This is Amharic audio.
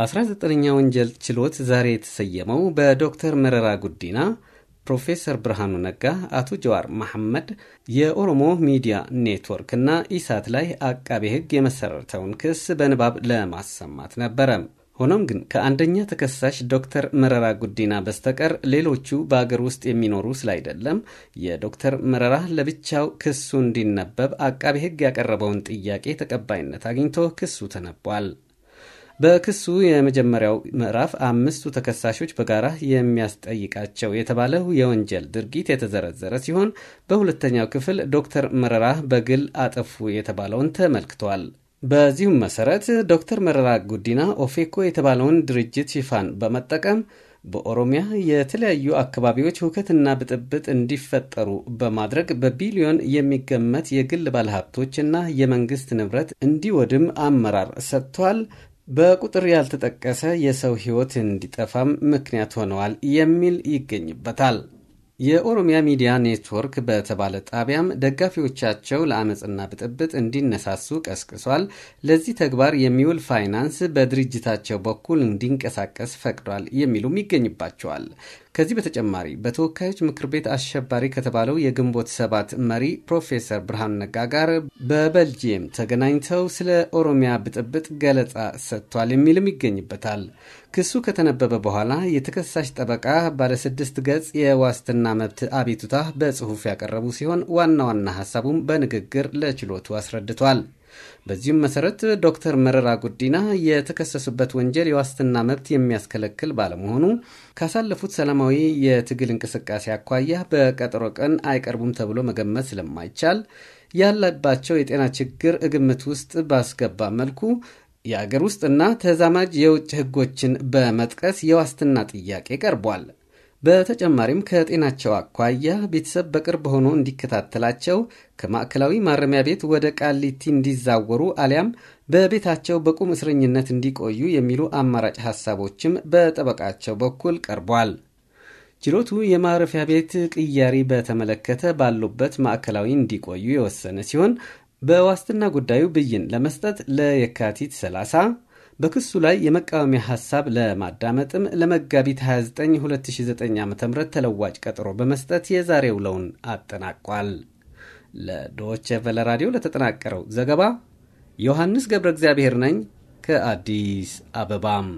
19ኛ ወንጀል ችሎት ዛሬ የተሰየመው በዶክተር መረራ ጉዲና፣ ፕሮፌሰር ብርሃኑ ነጋ፣ አቶ ጀዋር መሐመድ፣ የኦሮሞ ሚዲያ ኔትወርክ እና ኢሳት ላይ አቃቤ ሕግ የመሰረተውን ክስ በንባብ ለማሰማት ነበረ። ሆኖም ግን ከአንደኛ ተከሳሽ ዶክተር መረራ ጉዲና በስተቀር ሌሎቹ በአገር ውስጥ የሚኖሩ ስላይደለም የዶክተር መረራ ለብቻው ክሱ እንዲነበብ አቃቤ ሕግ ያቀረበውን ጥያቄ ተቀባይነት አግኝቶ ክሱ ተነቧል። በክሱ የመጀመሪያው ምዕራፍ አምስቱ ተከሳሾች በጋራ የሚያስጠይቃቸው የተባለው የወንጀል ድርጊት የተዘረዘረ ሲሆን በሁለተኛው ክፍል ዶክተር መረራ በግል አጠፉ የተባለውን ተመልክቷል። በዚሁም መሰረት ዶክተር መረራ ጉዲና ኦፌኮ የተባለውን ድርጅት ሽፋን በመጠቀም በኦሮሚያ የተለያዩ አካባቢዎች ሁከትና ብጥብጥ እንዲፈጠሩ በማድረግ በቢሊዮን የሚገመት የግል ባለሀብቶችና የመንግስት ንብረት እንዲወድም አመራር ሰጥቷል። በቁጥር ያልተጠቀሰ የሰው ሕይወት እንዲጠፋም ምክንያት ሆነዋል የሚል ይገኝበታል። የኦሮሚያ ሚዲያ ኔትወርክ በተባለ ጣቢያም ደጋፊዎቻቸው ለአመፅና ብጥብጥ እንዲነሳሱ ቀስቅሷል፣ ለዚህ ተግባር የሚውል ፋይናንስ በድርጅታቸው በኩል እንዲንቀሳቀስ ፈቅዷል የሚሉም ይገኝባቸዋል። ከዚህ በተጨማሪ በተወካዮች ምክር ቤት አሸባሪ ከተባለው የግንቦት ሰባት መሪ ፕሮፌሰር ብርሃኑ ነጋ ጋር በቤልጅየም ተገናኝተው ስለ ኦሮሚያ ብጥብጥ ገለጻ ሰጥቷል የሚልም ይገኝበታል። ክሱ ከተነበበ በኋላ የተከሳሽ ጠበቃ ባለስድስት ገጽ የዋስትና መብት አቤቱታ በጽሑፍ ያቀረቡ ሲሆን ዋና ዋና ሀሳቡም በንግግር ለችሎቱ አስረድቷል። በዚሁም መሰረት ዶክተር መረራ ጉዲና የተከሰሱበት ወንጀል የዋስትና መብት የሚያስከለክል ባለመሆኑ ካሳለፉት ሰላማዊ የትግል እንቅስቃሴ አኳያ በቀጠሮ ቀን አይቀርቡም ተብሎ መገመት ስለማይቻል ያለባቸው የጤና ችግር ግምት ውስጥ ባስገባ መልኩ የአገር ውስጥና ተዛማጅ የውጭ ህጎችን በመጥቀስ የዋስትና ጥያቄ ቀርቧል። በተጨማሪም ከጤናቸው አኳያ ቤተሰብ በቅርብ ሆኖ እንዲከታተላቸው ከማዕከላዊ ማረሚያ ቤት ወደ ቃሊቲ እንዲዛወሩ አሊያም በቤታቸው በቁም እስረኝነት እንዲቆዩ የሚሉ አማራጭ ሐሳቦችም በጠበቃቸው በኩል ቀርቧል። ችሎቱ የማረፊያ ቤት ቅያሪ በተመለከተ ባሉበት ማዕከላዊ እንዲቆዩ የወሰነ ሲሆን በዋስትና ጉዳዩ ብይን ለመስጠት ለየካቲት 30 በክሱ ላይ የመቃወሚያ ሐሳብ ለማዳመጥም ለመጋቢት 29 2009 ዓ ም ተለዋጭ ቀጠሮ በመስጠት የዛሬ ውለውን አጠናቋል። ለዶች ቨለ ራዲዮ ለተጠናቀረው ዘገባ ዮሐንስ ገብረ እግዚአብሔር ነኝ ከአዲስ አበባም